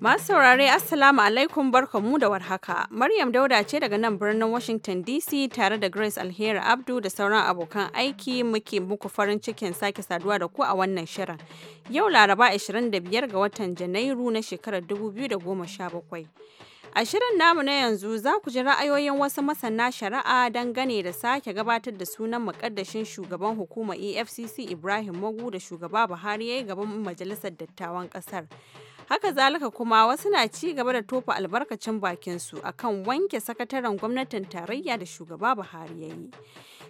Masu saurare Assalamu alaikum barkanmu da warhaka. Maryam Dauda ce daga nan birnin Washington DC tare da Grace Alheri Abdu da sauran abokan aiki muke muku farin cikin sake saduwa da ku a wannan shirin. Yau Laraba 25 ga watan Janairu na shekarar 2017. A shirin namu na yanzu za ku ji ra'ayoyin wasu masana shari'a dangane da sake gabatar da sunan makaddashin shugaban hukumar EFCC Ibrahim Magu da shugaba Buhari ya yi gaban majalisar dattawan kasar. haka zalika kuma wasu na ci gaba da tofa albarkacin bakin su akan wanke sakataren gwamnatin tarayya da shugaba buhari ya yi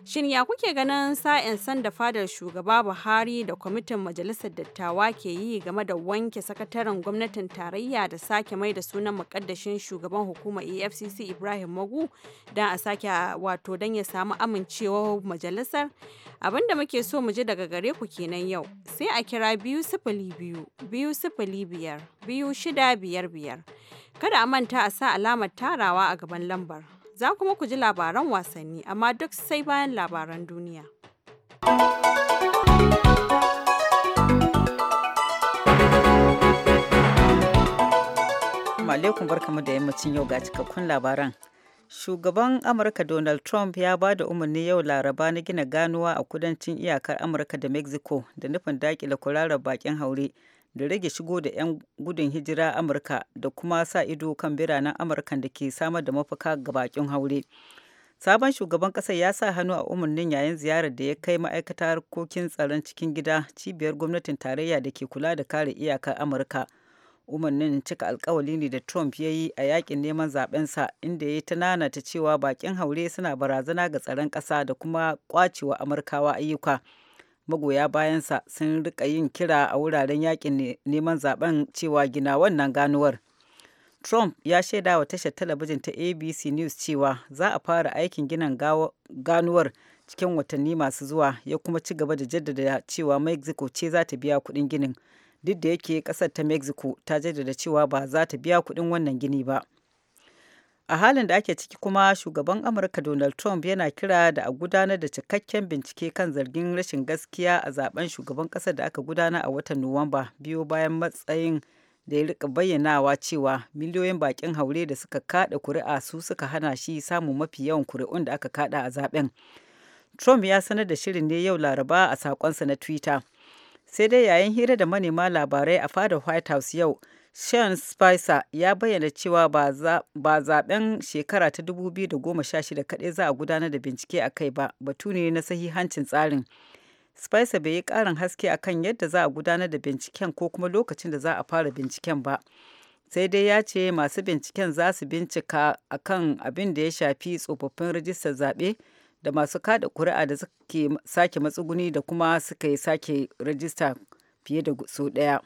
shin ya kuke ganin sa'in sanda fadar shugaba buhari da kwamitin majalisar dattawa ke yi game da wanke sakataren gwamnatin tarayya da sake mai da sunan mukaddashin shugaban hukumar efcc ibrahim magu don a sake wato don ya samu amincewa majalisar abinda muke so mu ji daga gare ku kenan yau sai a kira biyu sifili biyu biyu sifili biyar biyu shida biyar biyar. Kada a manta a sa alamar tarawa a gaban lambar. Za kuma ku ji labaran wasanni amma duk sai bayan labaran duniya. alaikum barkamu da yammacin yau ga cikakkun labaran. Shugaban Amurka Donald Trump ya ba da umarni yau Laraba na gina ganuwa a kudancin iyakar Amurka da Mexico da nufin dakile kurarar bakin haure. da rage shigo da 'yan gudun hijira amurka da kuma sa ido kan biranen amurkan da ke samar da mafaka ga bakin haure sabon shugaban kasar ya sa hannu a umarnin yayin ziyarar da ya kai ma'aikatar harkokin tsaron cikin gida cibiyar gwamnatin tarayya da ke kula da kare iyakar amurka umarnin cika alkawali ne da trump ya yi a yakin neman zabensa inda ya yi ta cewa bakin haure suna barazana ga tsaron kasa da kuma kwacewa amurkawa ayyuka. magoya bayansa sun rika yin kira a wuraren yakin neman zaben cewa gina wannan ganuwar trump ya shaida wa tashar talabijin ta abc news cewa za a fara aikin ginin ganuwar cikin watanni masu zuwa ya kuma ci gaba da jaddada cewa mexico ce za ta biya kudin ginin duk da yake kasar ta mexico ta jaddada cewa ba za ta biya kudin wannan gini ba a halin da ake ciki kuma shugaban amurka donald trump yana kira da a gudanar da cikakken bincike kan zargin rashin gaskiya a zaben shugaban kasar da aka gudana a watan nuwamba biyo bayan matsayin da ya rika bayyanawa cewa miliyoyin bakin haure da suka kada kuri'a su suka hana shi samun mafi yawan kuri'un da aka kada a zaben trump ya sanar da shirin ne yau laraba a sakonsa na twitter sai dai yayin hira da manema labarai a fadar white house yau Sean Spicer ya bayyana cewa ba zaben shekara ta 2016 kaɗai za a gudanar da bincike a kai ba, batu ne na sahihancin tsarin. Spicer bai yi ƙarin haske a kan yadda za a gudanar da binciken ko kuma lokacin da za a fara binciken ba. Sai dai ya ce masu binciken za su bincika a kan abin da ya shafi tsofaffin rajistar zaɓe da masu kada kuri'a da suke sake matsuguni da kuma suka yi sake rajista fiye da sau ɗaya.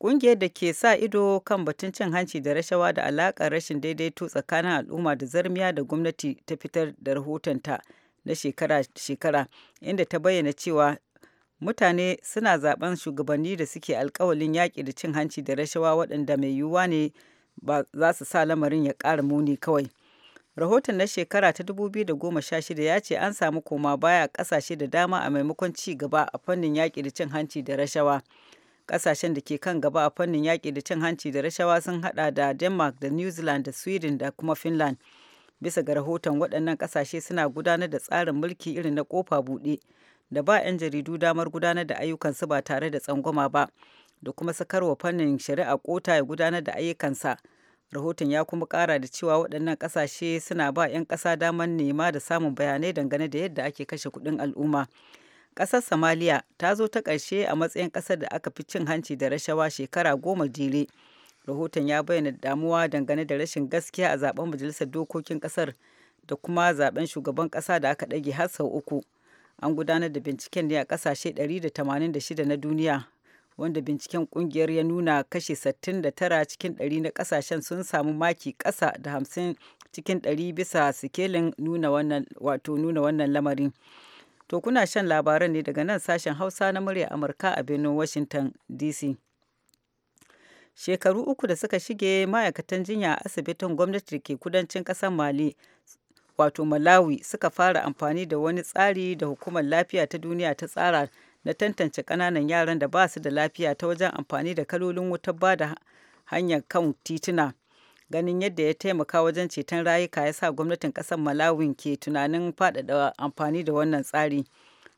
Ƙungiyar da ke sa ido kan batun cin hanci da rashawa da alaƙa rashin daidaito tsakanin al'umma da zarmiya da gwamnati ta fitar da rahotonta na shekara-shekara inda ta bayyana cewa mutane suna zaben shugabanni da suke alkawalin yaƙi da cin hanci da rashawa waɗanda mai yiwuwa ne ba za su sa lamarin ya ƙara muni kawai. Rahoton na shekara ta 2016 ya ce an samu koma baya ƙasashe da dama a maimakon ci gaba a fannin yaƙi da cin hanci da rashawa. kasashen da ke kan gaba a fannin yaƙi da cin hanci da rashawa sun haɗa da Denmark da New Zealand da Sweden da kuma Finland. Bisa ga rahoton waɗannan ƙasashe suna gudanar da tsarin mulki irin na ƙofa buɗe da ba 'yan jaridu damar gudanar da ayyukansu ba tare da tsangwama ba da kuma sakarwa fannin shari'a kota ya gudanar da ayyukansa. rahoton ya kuma kara da cewa waɗannan ƙasashe suna ba 'yan ƙasa damar nema da samun bayanai dangane da yadda ake kashe kuɗin al'umma ƙasar Somalia ta zo ta ƙarshe a matsayin ƙasar da aka fi cin hanci da rashawa shekara goma jere. Rahoton ya bayyana damuwa dangane da rashin gaskiya a zaben majalisar dokokin ƙasar da kuma zaben shugaban ƙasa da aka ɗage har sau uku. An gudanar da binciken ne a ƙasashe 186 na duniya wanda binciken ƙungiyar ya nuna kashe 69 cikin 100 na kasashen sun samu maki ƙasa da 50 cikin 100 bisa sikelin wato nuna wannan lamarin To kuna shan labaran ne daga nan sashen Hausa na murya Amurka a birnin Washington DC. Shekaru uku da suka shige ma'aikatan jinya a asibitin gwamnati ke kudancin ƙasar Mali wato Malawi suka fara amfani da wani tsari da hukumar lafiya ta duniya ta tsara na tantance ƙananan yaran da ba su da lafiya ta wajen amfani da kalolin wutar ba da hanyar kan tituna. ganin yadda ya taimaka wajen ceton rayuka ya sa gwamnatin ƙasar malawi ke tunanin faɗaɗa amfani da wannan tsari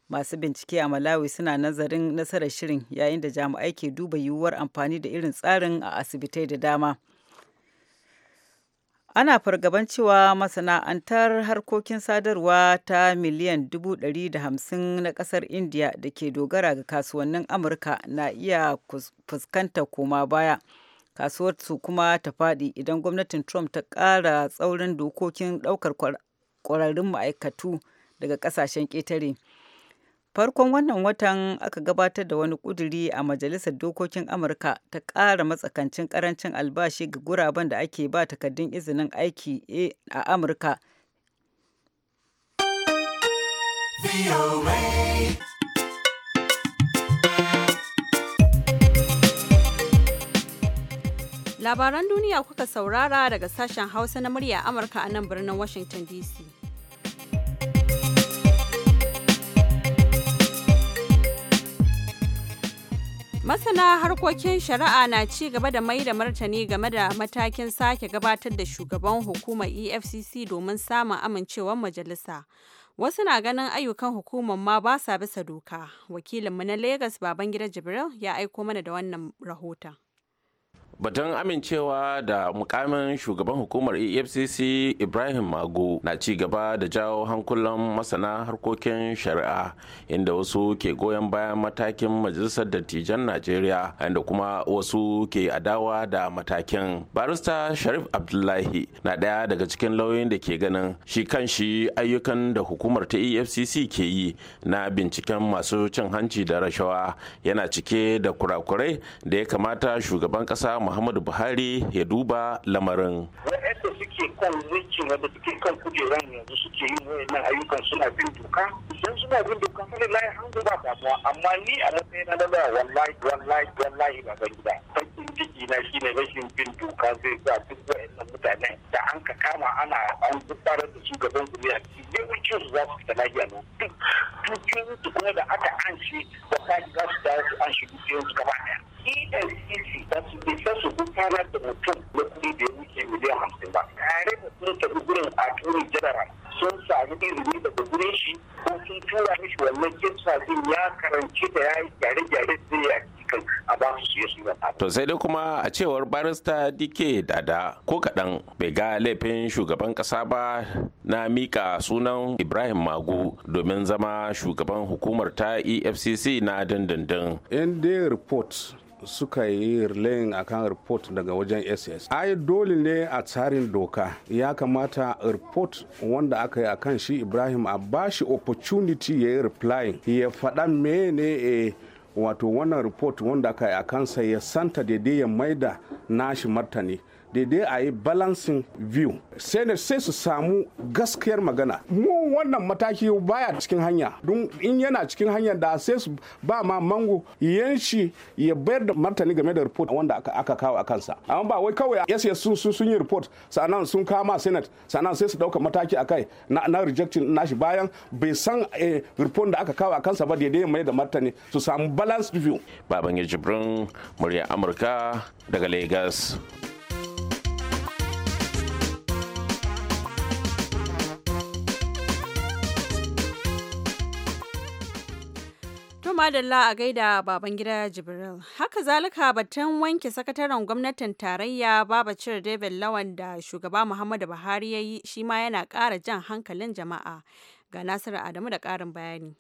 masu bincike a malawi suna nazarin nasarar shirin yayin da jami'ai ke duba yiwuwar amfani da irin tsarin a asibitai da dama ana fargaban cewa masana'antar harkokin sadarwa ta miliyan 150 na kasar india da ke dogara ga kasuwannin amurka na iya fuskanta koma baya kasuwar su kuma ta faɗi idan gwamnatin Trump ta ƙara tsaurin dokokin ɗaukar ƙwararrun ma'aikatu daga ƙasashen ketare Farkon wannan watan aka gabatar da wani ƙuduri a Majalisar Dokokin Amurka ta ƙara matsakancin karancin albashi ga guraben da ake ba takardun izinin aiki eh, a Amurka. Labaran duniya kuka saurara daga sashen Hausa na murya Amurka a nan birnin Washington DC. Masana harkokin shari'a na ci gaba da mai da martani game da matakin sake gabatar da shugaban hukumar EFCC domin samun amincewar majalisa. Wasu na ganin ayyukan hukumar ma ba sa bisa doka. Wakilinmu na Legas Babangida Jibril ya aiko mana da wannan rahoton. batun amincewa da mukamin shugaban hukumar efcc ibrahim mago na ci gaba da jawo hankulan masana harkokin shari'a inda wasu ke goyon bayan matakin majalisar dattijan najeriya inda kuma wasu ke adawa da matakin barista sharif abdullahi na ɗaya daga cikin lauyoyin da ke ganin shi kan shi ayyukan da hukumar ta efcc ke yi na binciken masu cin hanci da rashawa yana cike da kurakurai da ya kamata shugaban ƙasa muhammadu buhari ya duba lamarin waɗanda suke kan mulki wanda suke kan kujeran yanzu suke yin wayannan ayyukan suna bin doka idan suna bin doka sai lai hango ba damuwa amma ni a matsayin na lalla wallahi wallahi wallahi ba zan gida fakin jiki na shine rashin bin doka zai sa duk wayannan mutane da an ka kama ana an gudanar da su gaban kuliya yawancin su za su fita lafiya nan duk dukiyoyin kuma da aka an shi da za su dawo su an shi dukiyoyin gaba ɗaya EFCC da su bisa su gudanar da mutum na kuɗi da ya wuce miliyan hamsin ba. Tare da sun tafi gurin a turi general sun sami ilimi daga gurin shi ko sun tura mishi wannan kinsa din ya karanci da ya yi gyare-gyare zai ya a cikin a ba su siya su To sai dai kuma a cewar barista DK Dada ko kaɗan bai ga laifin shugaban ƙasa ba na mika sunan Ibrahim Magu domin zama shugaban hukumar ta EFCC na dindindin. In dai report suka yi relaying akan report daga wajen ss ai dole ne a tsarin doka ya kamata report wanda aka. aka yi a shi ibrahim a bashi opportunity ya yi replying ya faɗa mene e, wato wannan report wanda aka yi a kansa ya santa daidai ya maida nashi martani daidai a yi balancing view sai sai su samu gaskiyar magana mu wannan mataki baya cikin hanya don in yana cikin hanyar da sai su ba ma mango yanshi ya bayar da martani game da report wanda aka kawo a kansa amma ba wai kawai yes sun sun yi report sannan sun kama senate sannan sai su dauka mataki akai na na rejecting nashi bayan bai san eh, report da aka kawo a kansa ba daidai mai da martani su samu balance view baban ya jibrin murya amurka daga lagos madalla a gaida baban gida Jibril. Haka zalika batun wanke sakataren gwamnatin tarayya cir David Lawan da shugaba Muhammadu Buhari ya yi shi ma yana kara jan hankalin jama'a. Ga Nasiru Adamu da karin bayani.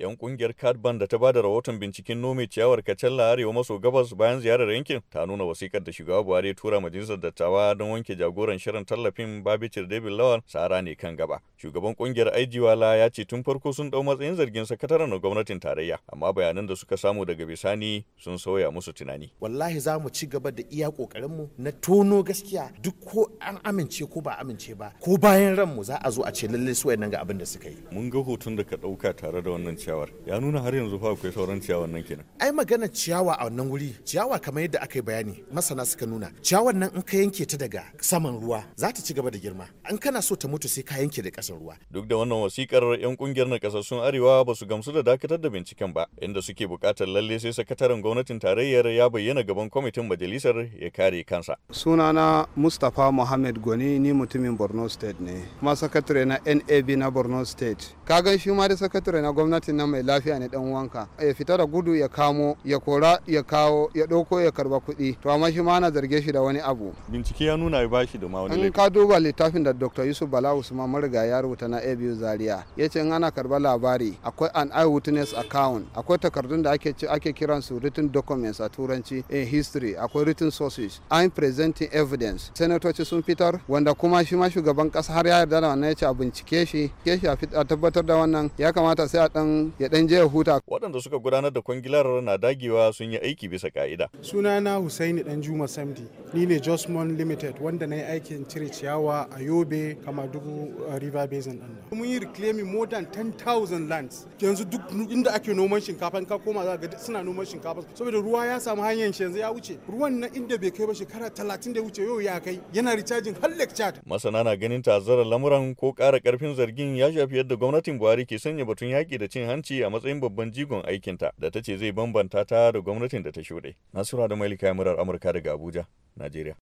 'yan kungiyar Cardban da ta ba da rahoton binciken nome ciyawar Kacalla arewa maso gabas bayan ziyarar yankin ta nuna wasikar da shugaba Buhari ya tura majalisar dattawa don wanke jagoran shirin tallafin Babicir David Lawal sara ne kan gaba. Shugaban kungiyar Aijiwala ya ce tun farko sun dau matsayin zargin sakataren na gwamnatin tarayya amma bayanan da suka samu daga bisani sun sauya musu tunani. Wallahi za mu ci gaba da iya kokarin mu na tono gaskiya duk ko an amince ko ba amince ba ko bayan ranmu za a zo a ce lallai su ga abin da suka yi. Mun ga hoton da ka dauka tare da wannan ciyawar ya nuna har yanzu fa akwai sauran ciyawar nan kenan ai magana ciyawa a wannan wuri ciyawa kamar yadda aka yi bayani masana suka nuna ciyawar nan in ka yanke ta daga saman ruwa za ta ci gaba da girma an kana so ta mutu sai ka yanke da kasar ruwa duk da wannan wasikar yan kungiyar na kasassun arewa ba su gamsu da dakatar da binciken ba inda suke bukatar lalle sai sakataren gwamnatin tarayyar ya bayyana gaban kwamitin majalisar ya kare kansa sunana mustapha muhammad goni ni mutumin borno state ne kuma sakatare na nab na borno state ka gan shi ma da sakatare na gwamnatin nan mai lafiya ne dan wanka ya fita da gudu ya kamo ya kora ya kawo ya ɗauko ya karba kuɗi to amma shi ma ana zarge shi da wani abu bincike ya nuna ba shi da ma wani ka duba littafin da dr yusuf bala usman marga ya rubuta na abu zaria ya ce in ana karba labari akwai an eyewitness account akwai takardun da ake ake kiran su written documents a turanci in eh, history akwai written sources i'm presenting evidence senatoci sun fitar wanda kuma shi ma shugaban kasa har ya yarda da wannan ya ce a bincike shi ke shi a tabbatar da wannan ya kamata sai a dan ya dan je huta waɗanda suka gudanar da kwangilar na dagewa sun yi aiki bisa ka'ida sunana Husaini dan Juma Samdi ni ne Josmon Limited wanda na yi aikin cire ciyawa a Yobe Kamadugu uh, River Basin din mun yi reclaiming more than 10,000 lands yanzu duk inda ake noman shinkafa ka koma za ga suna noman shinkafa saboda ruwa ya samu hanyar shi yanzu ya wuce ruwan na inda bai kai ba shekara talatin da wuce yau ya kai yana recharging har Chad. masana na ganin tazarar lamuran ko kara karfin zargin ya shafi yadda gwamnatin Buhari ke sanya batun yaƙi da cin hanci a matsayin babban jigon aikinta da ta ce zai bambanta ta da gwamnatin da ta shuɗe. Nasura da Malika Murar Amurka daga Abuja, Najeriya.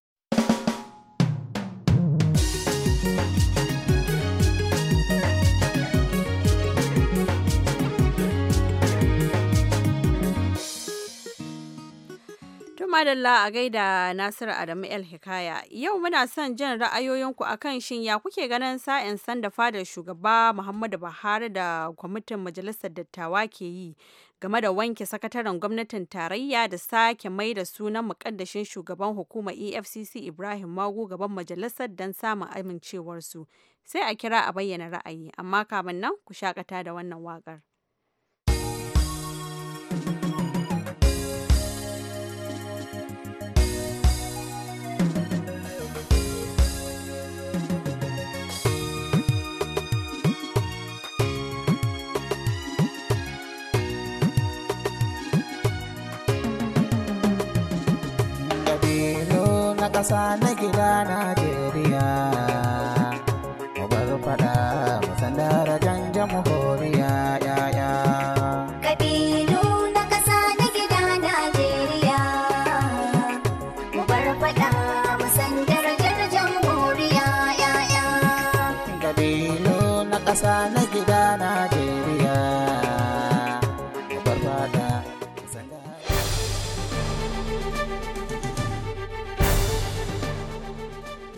madalla a gaida Nasiru Adamu El Hikaya. Yau muna son jin ra'ayoyinku akan shin ya kuke ganin sa'in san da fadar shugaba Muhammadu Buhari da kwamitin Majalisar Dattawa ke yi game da wanke sakataren gwamnatin tarayya da sake mai da sunan mukaddashin shugaban hukumar EFCC Ibrahim Magu gaban majalisar don samun amincewarsu. Sai a kira a bayyana ra'ayi, amma kamin nan ku shakata da wannan waƙar. ƙasa na gida Najeriya.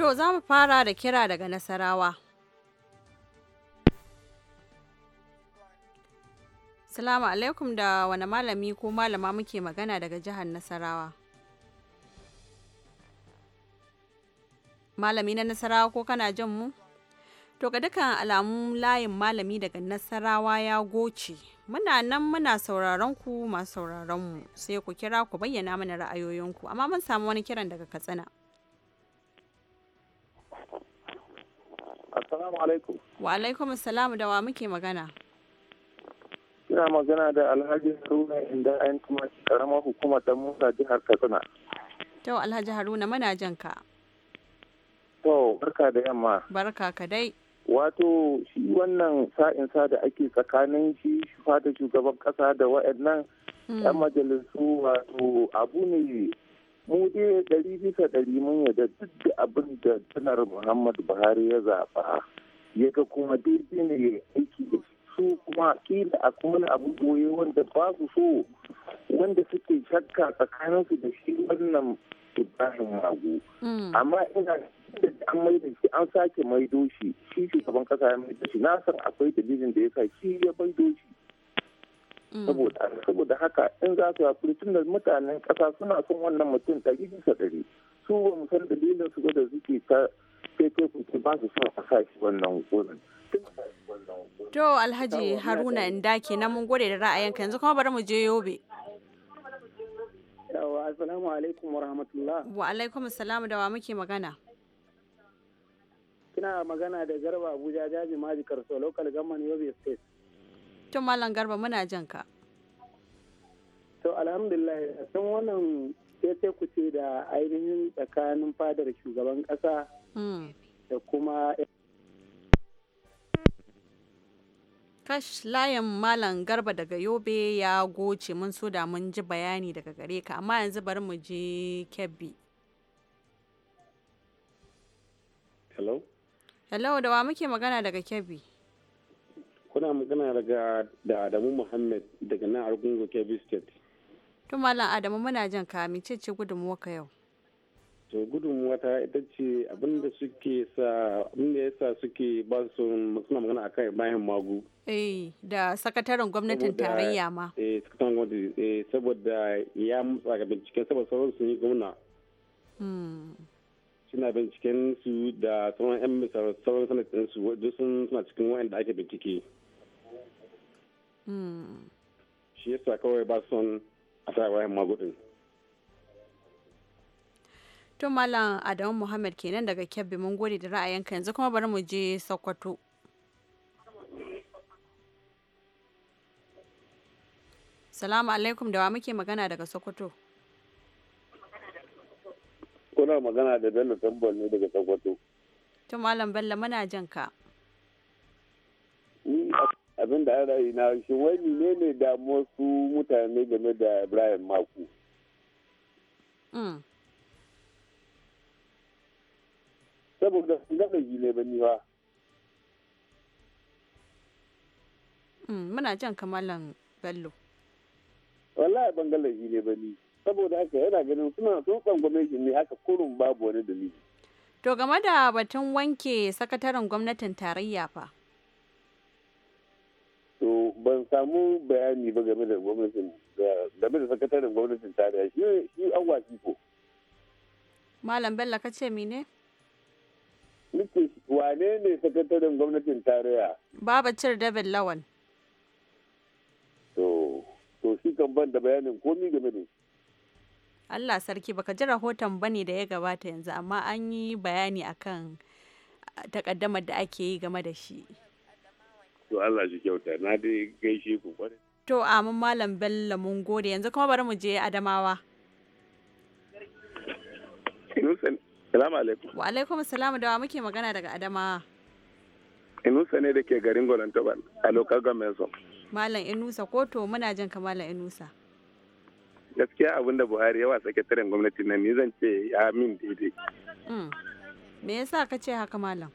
To za mu fara da kira daga Nasarawa. Salamu alaikum da wani malami ko malama muke magana daga jihar Nasarawa. Malami na Nasarawa ko kana jin mu? To ga dukkan alamun layin malami daga Nasarawa ya goce. Muna nan muna sauraron ku masu sauraron mu sai ku kira ku bayyana mana ra'ayoyinku amma mun samu wani kiran daga Katsina. Assalamu alaikum. Wa alaikum assalamu da wa muke magana. Ina magana da Alhaji Haruna inda ayin kuma karamar hukumar da Musa jihar Katsina. To Alhaji Haruna muna jan To barka da yamma. Barka ka dai. Wato shi wannan sa'insa da ake tsakanin shi fata shugaban kasa da wa'annan hmm. 'yan majalisu wato abu ne mu dai ɗari bisa ɗari mun yadda duk da abin da janar muhammad buhari ya zaɓa ya ga kuma daidai ne ya aiki da su kuma kila a kuma na abu goye wanda ba su so wanda suke shakka tsakaninsu da shi wannan ibrahim magu mm. amma ina an mai da shi an sake maido shi shi shugaban kasa ya da shi na san akwai dalilin da ya sa shi ya maido shi Mm. saboda saboda haka in za su hakuri tun da mutanen ƙasa suna son wannan mutum ɗari bisa ɗari su ba mu san dalilin su da suke ta kai kai ba su son a sa shi wannan wurin To Alhaji Haruna Inda na mun gode da ra'ayinka yanzu kuma bari mu je Yobe. Yawa assalamu alaikum wa rahmatullah. Wa alaikum assalamu da wa muke magana. Kina magana da Garba Abuja Jaji majikar Karso local government Yobe state. tun Malam Garba muna jan ka. To alhamdulillah tun wannan sai ku ce da ainihin tsakanin fadar shugaban ƙasa hmm. da kuma kash layan malam garba daga yobe ya goce mun so da mun ji bayani daga gare ka amma yanzu bari mu je kebbi hello hello da wa muke magana daga kebbi kuna magana daga da Adamu Muhammad daga nan Argungu Kebbi State. To Malam Adamu muna jan ka ce ce gudunmuwa ka yau. To gudunmuwa ta ita ce abinda suke sa abinda yasa suke ba su suna magana akan bayan Magu. Eh da sakataren gwamnatin tarayya ma. Eh sakataren gwamnati eh saboda ya mutsa ga binciken saboda sauran sun yi gwamna. Hmm. suna binciken su da sauran 'yan misar sauran sanatinsu wajen suna cikin da ake bincike. shi yasa kawai ba son a sa wayan magudin to malam adamu muhammad kenan daga kebbi mun gode da ra'ayinka yanzu kuma bari mu je sokoto salamu alaikum da wa muke magana daga sokoto kuna magana da bello tambon ne daga sokoto to malam bello muna jan ka abin da an na shi wai ne ne damuwar su mutane game da Ibrahim Maku. Mm. Saboda sun gada yi ne ba niwa. Mm, muna jan kamalan Bello. Wallahi ban gada yi ne ba ni. Saboda haka yana ganin suna tsotson gwamnati ne haka kurun babu wani dalili. To game da batun wanke sakataren gwamnatin tarayya fa. ban samu bayani ba game da gwamnatin game da sakataren gwamnatin tarayya shi shi an wasi ko malam bello ka ce mine nake wane ne sakataren gwamnatin tarayya babacir david lawan to to shi kan ban da bayanin komi game da Allah sarki baka ji rahoton bane da ya gabata yanzu amma an yi bayani akan takaddamar da ake yi game da shi to Allah shi kyauta na dai gaishe ku kwarai to amin malam bello mun gode yanzu kuma bari mu je adamawa Salamu alaikum. Wa alaikum salamu da wa muke magana daga Adamawa. Inusa ne da ke garin Golantobal a local government zone. Malam Inusa ko to muna jin ka Malam Inusa. Gaskiya abin da Buhari yawa sakataren gwamnati na ni zan ce amin daidai. Mm. Me yasa ka ce haka Malam?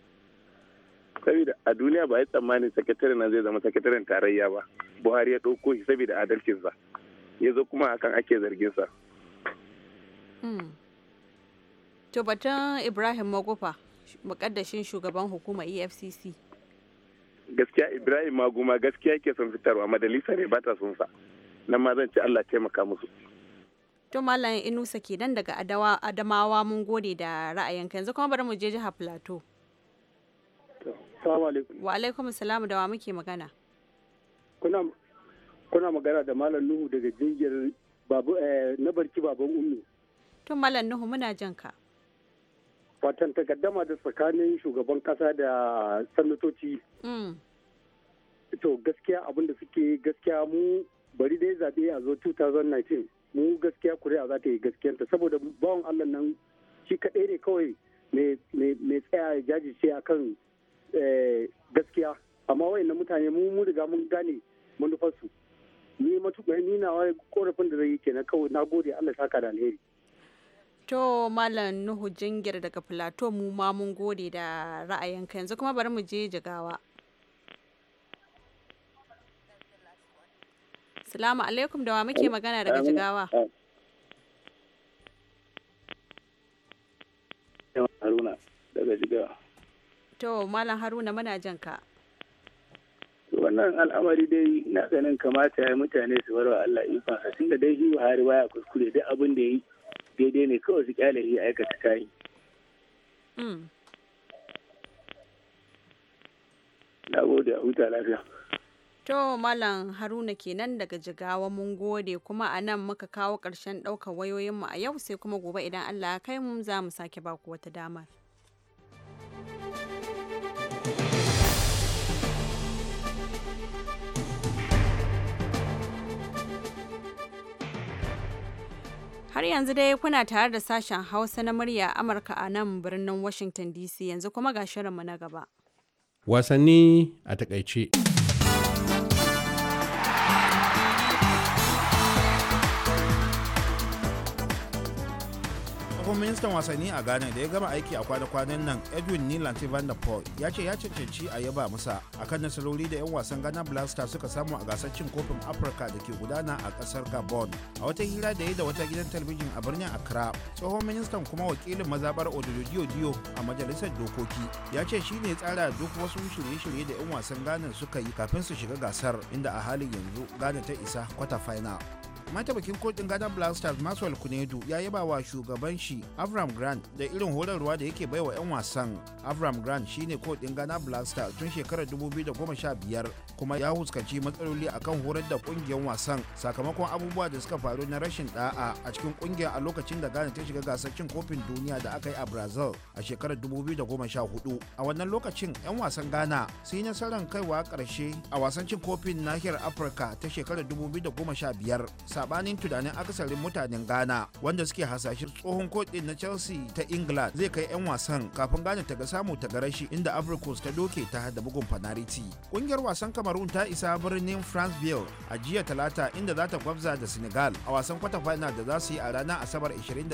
saboda a duniya ba ya tsammanin sakataren na zai zama sakataren tarayya ba buhari ya ɗauko shi saboda adalcinsa ya zo kuma hakan ake zarginsa hmm. to batun ibrahim magufa mukaddashin shugaban hukuma efcc gaskiya ibrahim maguma gaskiya ke son fitarwa madalisa ne ba ta son sa nan ma zan ci allah taimaka musu to malam inusa kenan daga adamawa mun gode da ra'ayinka yanzu kuma bari mu je jihar plateau Assalamu alaikum. Wa alaikum salam da wa muke magana. Kuna magana da Malam Nuhu daga jingir babu eh, na barki baban ummi. Tun Malam Nuhu muna jan ka. Watan takaddama da tsakanin shugaban kasa da sanatoci. Mm. To gaskiya abinda suke gaskiya mu bari dai zaɓe a zo 2019 mu gaskiya kuri'a za ta yi gaskiyanta saboda bawan Allah nan shi kadai ne kawai mai tsaya ya jajirce akan Eh, gaskiya amma wayannan mutane mu mun riga mun gane manufarsu ni matuƙa ni na korafin da zai kenan kawai na gode Allah saka da alheri To Malam Nuhu Jingir daga Filato mu ma mun gode da ra'ayinka yanzu kuma bari mu je jigawa. Salamu alaikum da wa muke magana daga jigawa. Haruna daga jigawa. To, Malam Haruna muna jan ka. Wannan al'amari dai na ganin kamata ya mutane su barwa Allah ikon sa tunda dai shi Buhari baya kuskure duk abin da yi daidai ne kawai su kyale shi aikata tayi. Mm. Na gode a huta lafiya. To Malam Haruna kenan daga jigawa mun gode kuma a nan muka kawo ƙarshen ɗaukar wayoyinmu a yau sai kuma gobe idan Allah ya kai mu za mu sake baku wata damar. Har yanzu dai kuna tare da sashen Hausa na murya Amurka a nan birnin Washington DC yanzu kuma ga shirinmu na gaba. Wasanni a takaice. tsohon ministan wasanni a ghana da ya gama aiki a kwana-kwanan nan edwin nilanti van der paul ya ce ya cancanci a yaba musa kan nasarori da 'yan wasan ghana blaster suka samu a gasar cin kofin afirka da ke gudana a kasar gabon a wata hira da ya da wata gidan talabijin a birnin accra tsohon ministan kuma wakilin mazabar odododio dio a majalisar dokoki ya ce shi ne tsara duk wasu shirye-shirye da 'yan wasan ghana suka yi kafin su shiga gasar inda a halin yanzu ghana ta isa kwata final matabakin kotun ghana blasters maxwell kunedu ya yaba wa shugaban shi avram grant da irin horarwa da yake baiwa 'yan wasan avram grant shine kotun ghana blasters tun shekarar 2015 kuma ya huskanci matsaloli akan horar da kungiyar wasan sakamakon abubuwa da suka faru na rashin da'a a cikin kungiyar a lokacin da ghana ta shiga gasar cin kofin duniya da aka yi a brazil a shekarar 2014 a wannan lokacin 'yan wasan ghana sun yi nasarar kaiwa karshe a wasan cin kofin nahiyar afirka ta shekarar 2015 sabanin tunanin akasarin mutanen ghana wanda suke hasashen tsohon kotin na chelsea ta england zai kai 'yan wasan kafin ghana ta ga samu ta garashi inda africans ta doke ta hada bugun fanariti kungiyar wasan cameroon ta isa birnin franceville a jiya talata inda za ta gwabza da senegal a wasan kwata final da za su yi a ranar asabar 28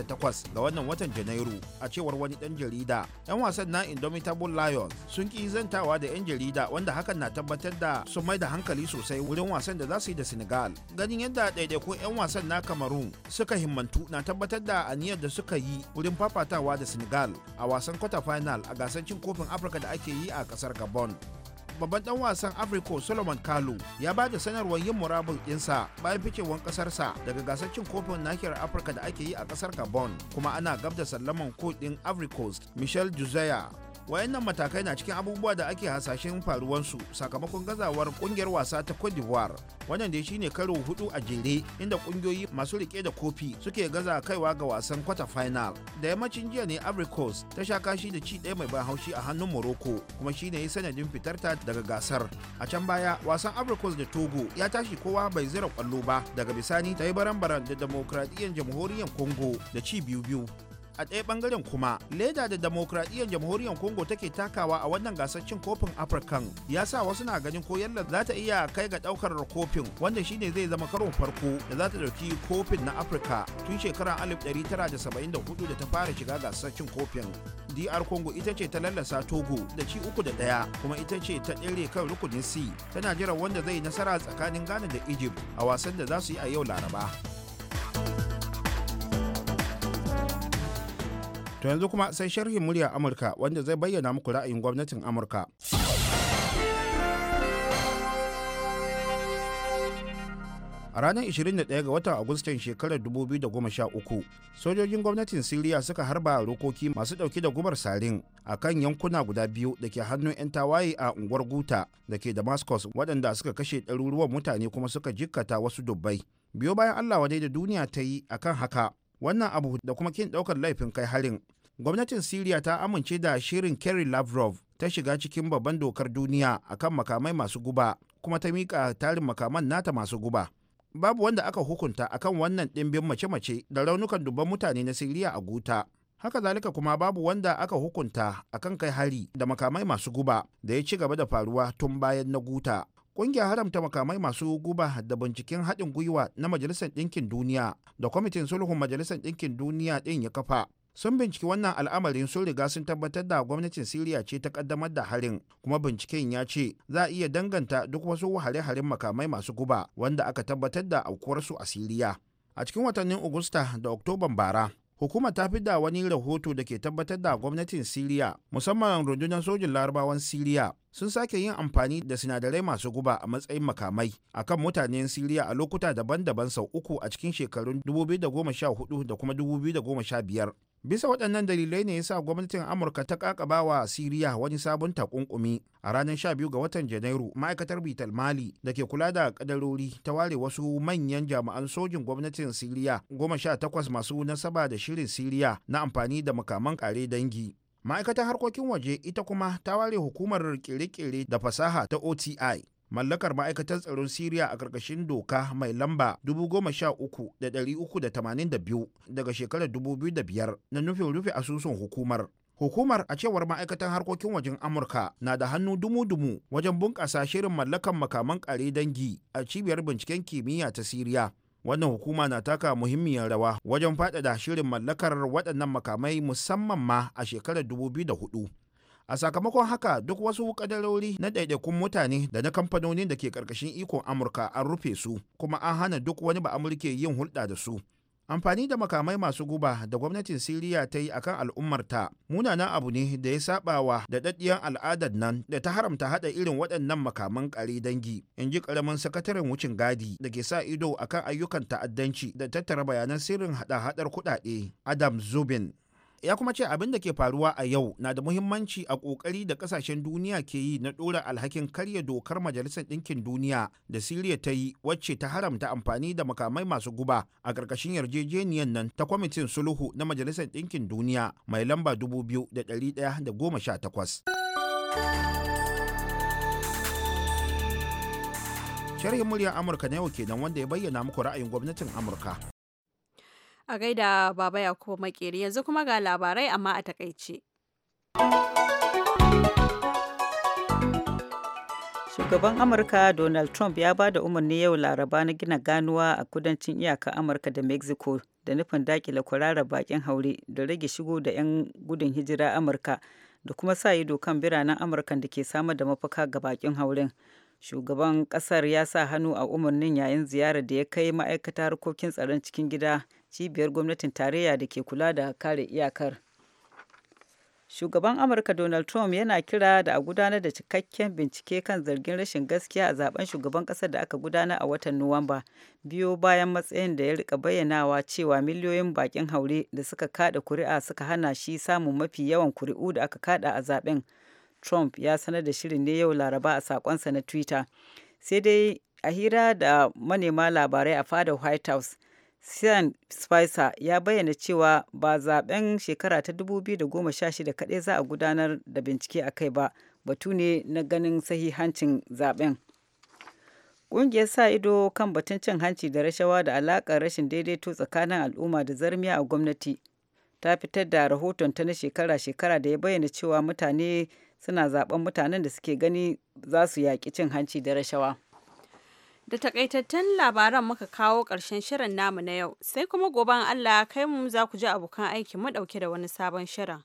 ga wannan watan janairu a cewar wani dan jarida 'yan wasan na indomitable lions sun ki zantawa da 'yan jarida wanda hakan na tabbatar da su mai da hankali sosai wurin wasan da za su yi da senegal ganin yadda ɗaiɗaiku ko 'yan wasan na Cameroon suka himmantu na tabbatar da aniyar da suka yi wurin fafatawa da Senegal a wasan quarter final a gasar cin kofin Afirka da ake yi a kasar Gabon. Babban dan wasan Africa Solomon Kalu ya ba da sanarwar yin murabus ɗinsa bayan ficewar ƙasarsa daga gasar cin kofin nahiyar Afirka da ake yi a ƙasar Gabon kuma ana gabda sallaman kodin Ivory Coast Michel Juzaya wayannan matakai na cikin abubuwa da ake hasashen faruwansu sakamakon gazawar kungiyar wasa ta cote d'ivoire wannan da shine karo hudu a jere inda kungiyoyi masu rike da kofi suke gaza kaiwa ga wasan quarter final da yammacin jiya ne abricos ta sha kashi da ci ɗaya mai ban haushi a hannun morocco kuma shine sanadin fitar ta daga gasar a can baya wasan abricos da togo ya tashi kowa bai zira kwallo ba daga bisani ta yi barambara da demokradiyyar jamhuriyar congo da ci biyu biyu a ɗaya ɓangaren kuma leda da demokradiyyar jamhuriyar congo take takawa a wannan gasar cin kofin afirkan ya sa wasu na ganin ko yalla za ta iya kai ga ɗaukar kofin wanda shine zai zama karon farko da za ta ɗauki kofin na afirka tun shekarar 1974 da ta fara shiga gasar cin kofin dr congo ita ce ta lallasa togo da ci uku da ɗaya kuma ita ce ta ɗere kan rukunin c tana jiran wanda zai nasara tsakanin ghana da egypt a wasan da za su yi a yau laraba To yanzu kuma sai sharhin murya Amurka wanda zai bayyana muku ra'ayin gwamnatin Amurka. a ranar 21 ga watan agustan shekarar 2013 sojojin gwamnatin siriya suka harba rokoki masu dauke da gumar sarin a kan yankuna guda biyu da ke hannun 'yan tawaye a unguwar guta da ke damascus waɗanda suka kashe ɗaruruwan mutane kuma suka jikkata wasu dubbai biyo bayan allah wadai da duniya ta yi akan haka wannan abu da kuma kin daukar laifin kai harin gwamnatin siriya ta amince da shirin kerry lavrov ta shiga cikin babban dokar duniya akan makamai masu guba kuma ta mika tarin makaman nata masu guba babu wanda aka hukunta akan wannan dimbin mace-mace da raunukan dubban mutane na siriya a guta haka zalika kuma babu wanda aka hukunta akan kai hari da makamai masu guba da ya ci gaba da faruwa tun bayan na guta Ƙungiyar haramta makamai masu guba da binciken haɗin gwiwa na Majalisar Ɗinkin Duniya da Kwamitin Sulhun Majalisar Ɗinkin Duniya ɗin ya kafa. Sun binciki wannan al'amarin sun riga sun tabbatar da gwamnatin Siriya ce ta kaddamar da harin, kuma binciken ya ce za a iya danganta duk wasu hare-haren makamai masu guba wanda aka tabbatar da aukuwarsu a Siriya. A cikin watannin Agusta da Oktoban bara, hukuma ta fi da wani rahoto da ke tabbatar da gwamnatin siriya musamman rundunar sojin larabawan siriya sun sake yin amfani da sinadarai masu guba a matsayin makamai a kan mutanen siriya a lokuta daban-daban sau uku a cikin shekarun 2014 da kuma 2015 bisa waɗannan dalilai ne ya sa gwamnatin amurka ta ƙaƙabawa siriya wani sabon takunkumi a ranar 12 ga watan janairu ma'aikatar bital mali da ke kula da kadarori ta ware wasu manyan jami'an sojin gwamnatin siriya 18 masu nasaba da shirin siriya na amfani da makaman kare dangi ma'aikatan harkokin waje ita kuma ta ware hukumar kere-kere da fasaha ta oti mallakar ma'aikatar tsaron Siriya a ƙarƙashin doka mai lamba 13,382 daga shekarar 2005 na nufin rufe asusun hukumar. Hukumar a cewar ma'aikatan harkokin wajen Amurka na da hannu dumu-dumu wajen bunƙasa shirin mallakan makaman ƙare dangi a cibiyar binciken kimiyya ta Siriya. wannan hukuma na taka muhimmiyar rawa wajen faɗaɗa shirin mallakar waɗannan makamai musamman ma a shekarar 2004 a sakamakon haka duk wasu kadarori na ɗaiɗaikun mutane da na kamfanonin da ke ƙarƙashin ikon amurka an rufe su kuma an hana duk wani ba amurke yin hulɗa da su amfani da makamai masu guba da gwamnatin siriya ta yi akan al'ummarta munanan abu ne da ya saba wa daɗaɗɗiyar al'adar nan da ta haramta haɗa irin waɗannan makaman ƙare dangi in ji ƙaramin sakataren wucin gadi da ke sa ido akan ayyukan ta'addanci da tattara bayanan sirrin haɗa-haɗar kuɗaɗe adam zubin ya kuma ce abin da ke faruwa a yau na da muhimmanci a kokari da kasashen duniya ke yi na dora alhakin karya dokar majalisar ɗinkin duniya da siriya ta yi wacce ta haramta amfani da makamai masu guba a ƙarƙashin yarjejeniyar nan ta kwamitin sulhu na majalisar ɗinkin duniya mai lamba 2118 sharhin muryar amurka na yau kenan wanda ya bayyana muku ra'ayin gwamnatin amurka A gaida Baba Yakubu Makeri yanzu kuma ga labarai amma a takaice. Shugaban Amurka Donald Trump ya ba da umarni yau Laraba na gina ganuwa a kudancin iyaka Amurka da Mexico da nufin dakile kurara bakin haure da rage shigo da 'yan gudun hijira Amurka da kuma sa ido kan biranen Amurka da ke samar da mafaka ga bakin hauren. Shugaban kasar ya sa hannu a umarnin yayin ziyarar da ya kai ma'aikata harkokin tsaron cikin gida cibiyar gwamnatin tarayya da ke kula da kare iyakar shugaban amurka donald trump yana kira da a gudanar da cikakken bincike kan zargin rashin gaskiya a zaben shugaban kasar da aka gudana a watan nuwamba biyu bayan matsayin da ya rika bayyanawa cewa miliyoyin bakin haure da suka kada kuri'a suka hana shi samun mafi yawan kuri'u da aka kada a zaben trump ya sanar da shirin ne yau laraba a sakonsa na twitter sai dai a hira da manema labarai a fadar white house sean spicer ya bayyana cewa ba zaben shekara ta 2016 kaɗai za a gudanar da bincike a kai ba batu ne na ganin sahihancin zaben Ƙungiyar sa ido kan batun cin hanci da rashawa da alaƙar rashin daidaito tsakanin al'umma da zarmiya a gwamnati ta fitar da rahoton ta na shekara-shekara da ya bayyana cewa mutane suna zaben mutanen da suke gani za su yaƙi cin hanci da rashawa. Da takaitattun labaran muka kawo ƙarshen shirin namu na yau, sai kuma goban Allah kai mu za ku ji abokan aiki mu ɗauke da wani sabon shirin.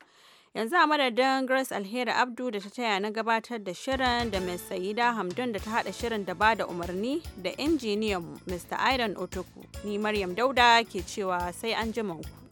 Yanzu a madadin Grace Alheri Abdu da ta taya na gabatar da shirin da mai Sayida Hamdun da ta hada shirin da bada umarni da injiniyan Mr. Iron Otoku. Ni Maryam Dauda ke cewa sai an ku.